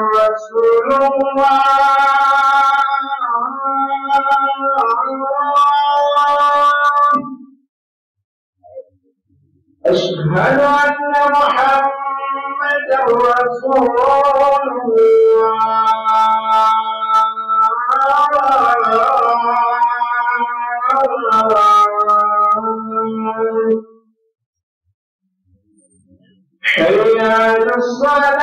رسول الله أشهد أن محمد رسول الله حي على الصلاة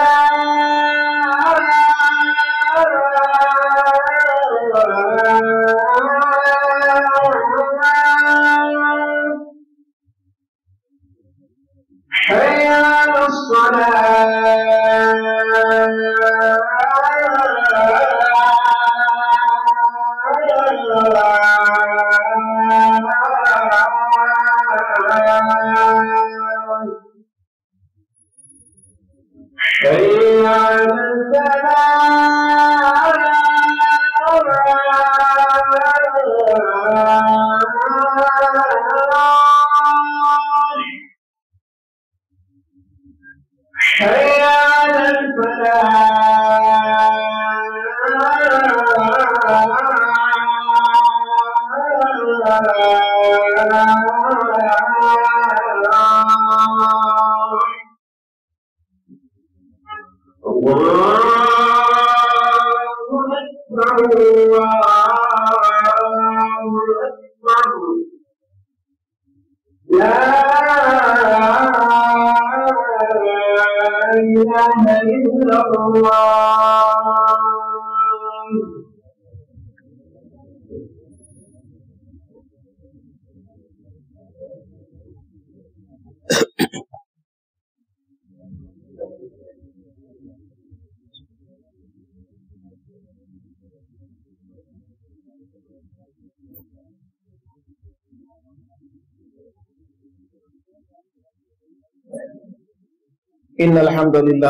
Tchau. إله إلا الله إن الحمد لله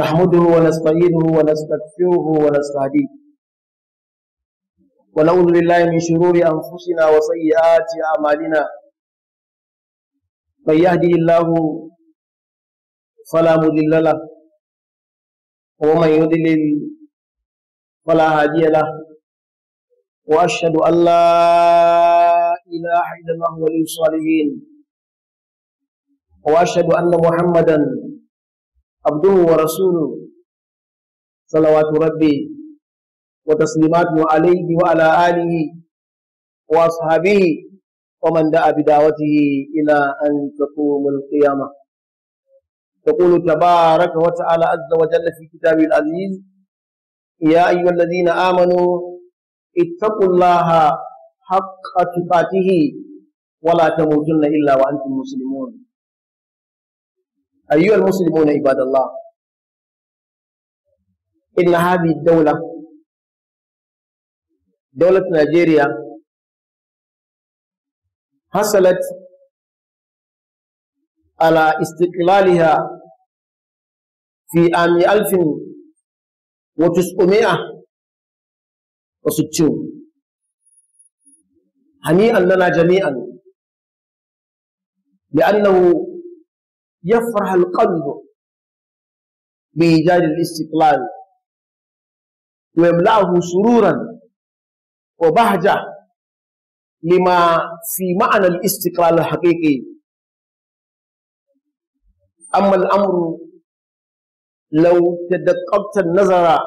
نحمده ونستعينه ونستغفره ونستهديه ونعوذ بالله من شرور أنفسنا وسيئات أعمالنا من يهدي الله فلا مضل له ومن يضلل فلا هادي له وأشهد أن لا إله إلا الله ولي الصالحين وأشهد أن محمدا عبده ورسوله صلوات ربي وتسليماته عليه وعلى آله وأصحابه ومن دعا بدعوته إلى أن تقوم القيامة يقول تبارك وتعالى عز وجل في كتابه العزيز يا أيها الذين آمنوا اتقوا الله حق تقاته ولا تموتن إلا وأنتم مسلمون أيها المسلمون عباد الله إن هذه الدولة دولة نيجيريا حصلت على استقلالها في عام 1960 هنيئا لنا جميعا لأنه يفرح القلب بإيجاد الاستقلال ويملأه سرورا وبهجة لما في معنى الاستقلال الحقيقي أما الأمر لو تدققت النظر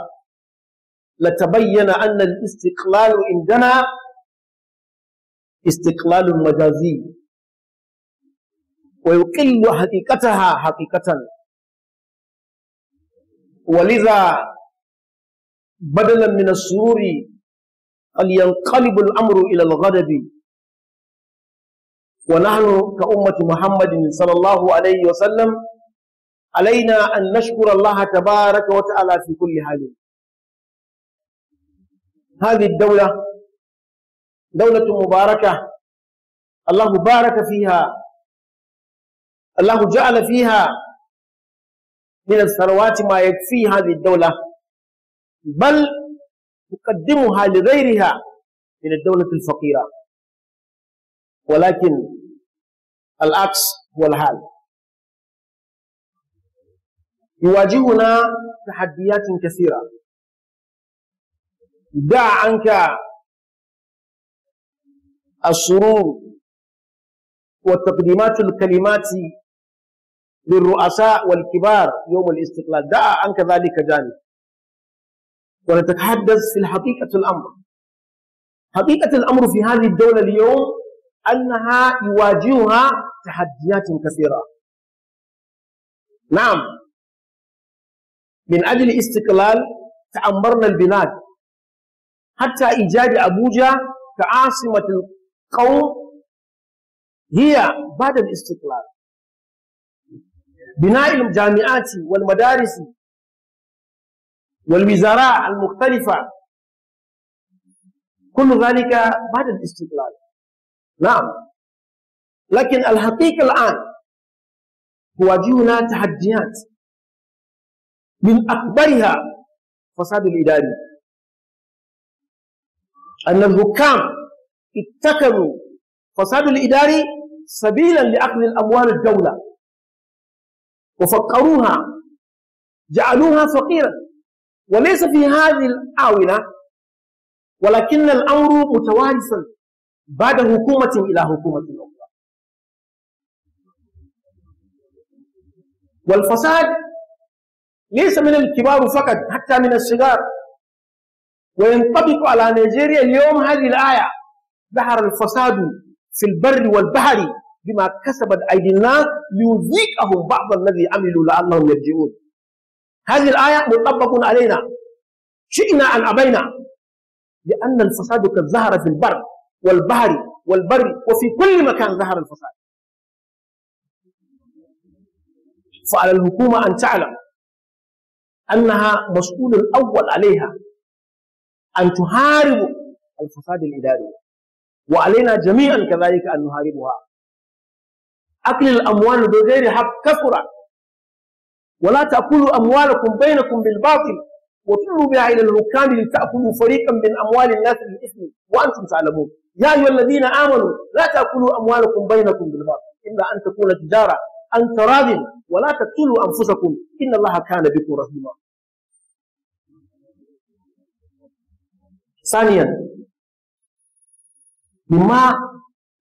لتبين أن الاستقلال عندنا استقلال مجازي ويقل حقيقتها حقيقة ولذا بدلا من السرور قد ينقلب الأمر إلى الغضب ونحن كأمة محمد صلى الله عليه وسلم علينا أن نشكر الله تبارك وتعالى في كل حال هذه الدولة دولة مباركة الله بارك فيها الله جعل فيها من الثروات ما يكفي هذه الدولة بل يقدمها لغيرها من الدولة الفقيرة ولكن العكس هو الحال يواجهنا تحديات كثيرة دع عنك السرور والتقديمات الكلمات للرؤساء والكبار يوم الاستقلال دعا عنك ذلك جانب ونتحدث في حقيقة الأمر حقيقة الأمر في هذه الدولة اليوم أنها يواجهها تحديات كثيرة نعم من أجل الاستقلال تأمرنا البلاد حتى إيجاد أبوجا كعاصمة القوم هي بعد الاستقلال بناء الجامعات والمدارس والوزراء المختلفة كل ذلك بعد الاستقلال نعم لكن الحقيقة الآن تواجهنا تحديات من أكبرها فساد الإداري أن الحكام اتخذوا فساد الإداري سبيلا لأخذ الأموال الدولة وفقروها جعلوها فقيرة وليس في هذه الآونة ولكن الأمر متوارثا بعد حكومة إلى حكومة أخرى والفساد ليس من الكبار فقط حتى من الصغار وينطبق على نيجيريا اليوم هذه الآية ظهر الفساد في البر والبحر بما كسبت أيدي الناس ليذيقهم بعض الذي عملوا لعلهم يرجعون هذه الآية مطبق علينا شئنا أن أبينا لأن الفساد قد ظهر في البر والبحر والبر وفي كل مكان ظهر الفساد فعلى الحكومة أن تعلم أنها مسؤول الأول عليها أن تحارب الفساد الإداري وعلينا جميعا كذلك أن نحاربها أكل الأموال بغير حق كثرة ولا تأكلوا أموالكم بينكم بالباطل وتلوا بها إلى الحكام لتأكلوا فريقا من أموال الناس بالإثم وأنتم تعلمون يا أيها الذين آمنوا لا تأكلوا أموالكم بينكم بالباطل إلا أن تكون تجارة أن تراض ولا تقتلوا أنفسكم إن الله كان بكم رحيما ثانيا مما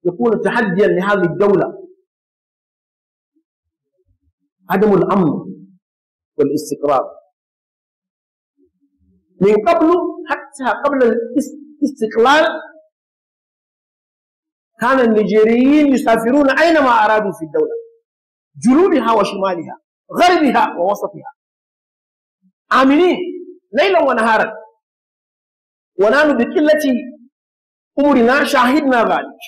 يكون تحديا لهذه الدولة عدم الأمن والاستقرار من قبل حتى قبل الاستقلال كان النيجيريين يسافرون أينما أرادوا في الدولة جنوبها وشمالها غربها ووسطها امنين ليلا ونهارا ونحن بقلة أمرنا شاهدنا ذلك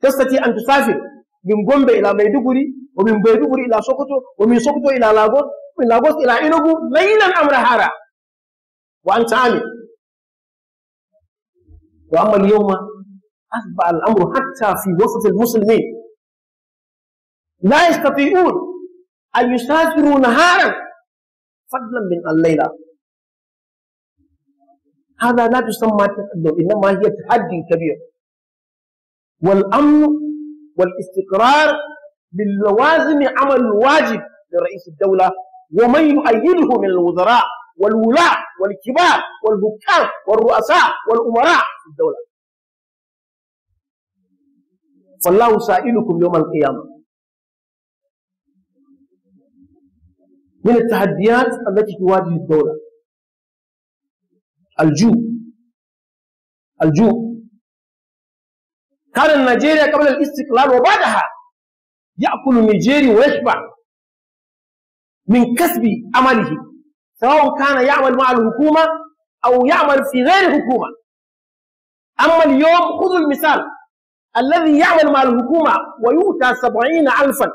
تستطيع أن تسافر من gombe إلى ميدوغوري ومن ميدوغوري إلى سوكوتو ومن سوكوتو إلى لاغوس من لاغوس إلى اينوغو ليلا أم نهارا وأنت عامل وأما اليوم اصبح الأمر حتى في وسط المسلمين لا يستطيعون أن يسافروا نهارا فضلا من الليلة هذا لا تسمى تقدم إنما هي تحدي كبير والامر والاستقرار من لوازم عمل واجب لرئيس الدولة ومن يؤيده من الوزراء والولاة والكبار والحكام والرؤساء والأمراء في الدولة فالله سائلكم يوم القيامة من التحديات التي تواجه الدولة الجوع الجوع كان نيجيريا قبل الاستقلال وبعدها يأكل نيجيري ويشبع من كسب عمله سواء كان يعمل مع الحكومة أو يعمل في غير الحكومة أما اليوم خذوا المثال الذي يعمل مع الحكومة ويؤتى سبعين ألفا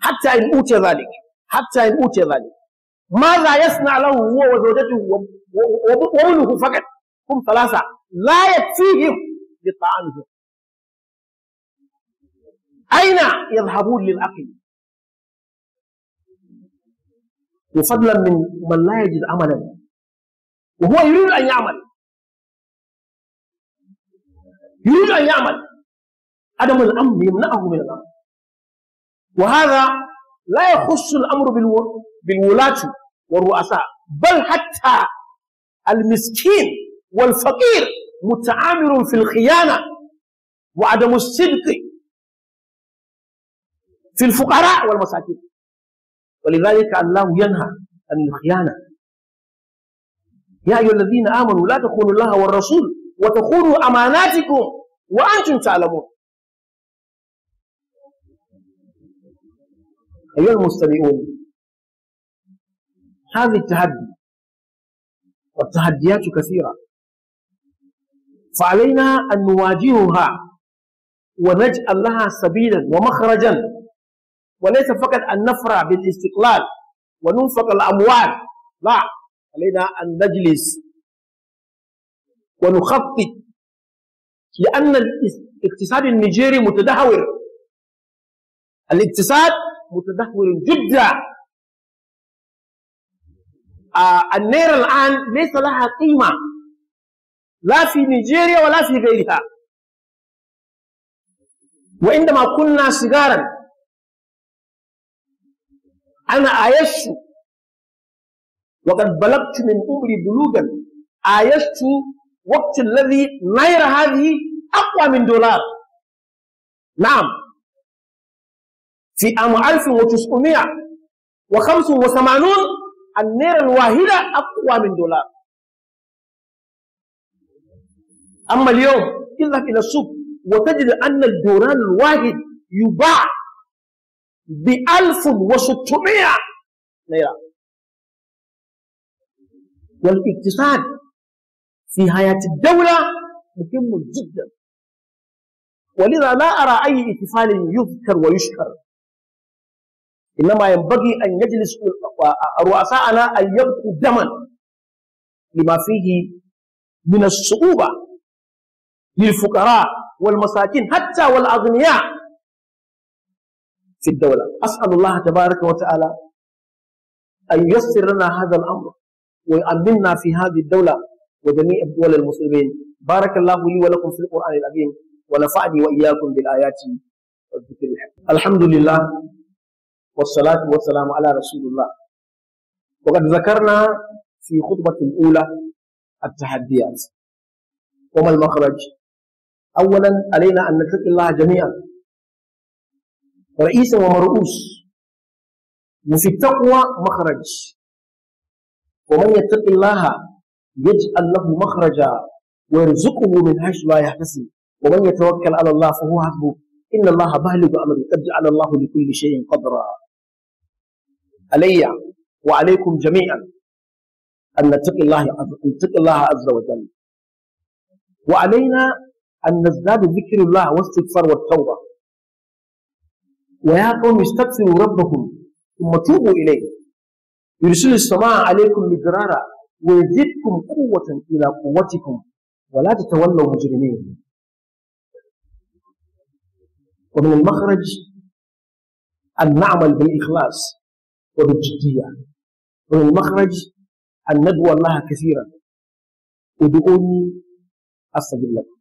حتى إن أوتي ذلك حتى إن أوتي ذلك ماذا يصنع له هو وزوجته وابنه فقط هم ثلاثة لا يكفيهم بطعامهم أين يذهبون للأكل وفضلا من من لا يجد عملا وهو يريد أن يعمل يريد أن يعمل عدم الأمر يمنعه من الأمر وهذا لا يخص الأمر بالولاة والرؤساء بل حتى المسكين والفقير متعامر في الخيانة وعدم الصدق في الفقراء والمساكين ولذلك الله ينهى عن الخيانة يا أيها الذين آمنوا لا تخونوا الله والرسول وتخونوا أماناتكم وأنتم تعلمون أيها المستمعون هذه التحدي والتحديات كثيرة فعلينا أن نواجهها ونجعل لها سبيلا ومخرجا وليس فقط أن نفرح بالاستقلال وننفق الأموال لا علينا أن نجلس ونخطط لأن الاقتصاد النيجيري متدهور الاقتصاد متدهور جدا آه الآن ليس لها قيمة لا في نيجيريا ولا في غيرها وعندما كنا صغارا أنا عايشت وقد بلغت من عمري بلوغا عايشت وقت الذي نير هذه أقوى من دولار نعم في عام 1985 النيرة الواحدة أقوى من دولار أما اليوم اذهب إلى السوق وتجد أن الدوران الواحد يباع بألف وستمائة ليرة والاقتصاد في حياة الدولة مهم جدا ولذا لا أرى أي احتفال يذكر ويشكر إنما ينبغي أن يجلس رؤساءنا أن يبقوا دما لما فيه من الصعوبة للفقراء والمساكين حتى والأغنياء في الدولة أسأل الله تبارك وتعالى أن يسر لنا هذا الأمر ويؤمننا في هذه الدولة وجميع الدول المسلمين بارك الله لي ولكم في القرآن العظيم ونفعني وإياكم بالآيات والذكر الحكيم الحمد لله والصلاة والسلام على رسول الله وقد ذكرنا في خطبة الأولى التحديات وما المخرج أولا علينا أن نتقي الله جميعا رئيس ومرؤوس وفي التقوى مخرج ومن يتق الله يجعل له مخرجا ويرزقه من حيث لا يحتسب ومن يتوكل على الله فهو حسبه إن الله بالغ أمره قد جعل الله لكل شيء قدرا علي وعليكم جميعا أن نتقي الله أن نتقي الله عز وجل وعلينا أن نزداد ذكر الله والاستغفار والتوبة ويا قوم استغفروا ربكم ثم توبوا إليه يرسل السماء عليكم مدرارا ويزدكم قوة إلى قوتكم ولا تتولوا مجرمين ومن المخرج أن نعمل بالإخلاص وبالجدية ومن المخرج أن ندعو الله كثيرا ادعوني أستجب لكم